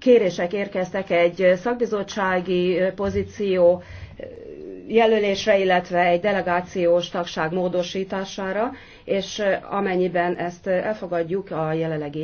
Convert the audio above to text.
kérések érkeztek egy szakbizottsági pozíció jelölésre, illetve egy delegációs tagság módosítására, és amennyiben ezt elfogadjuk a jelenlegi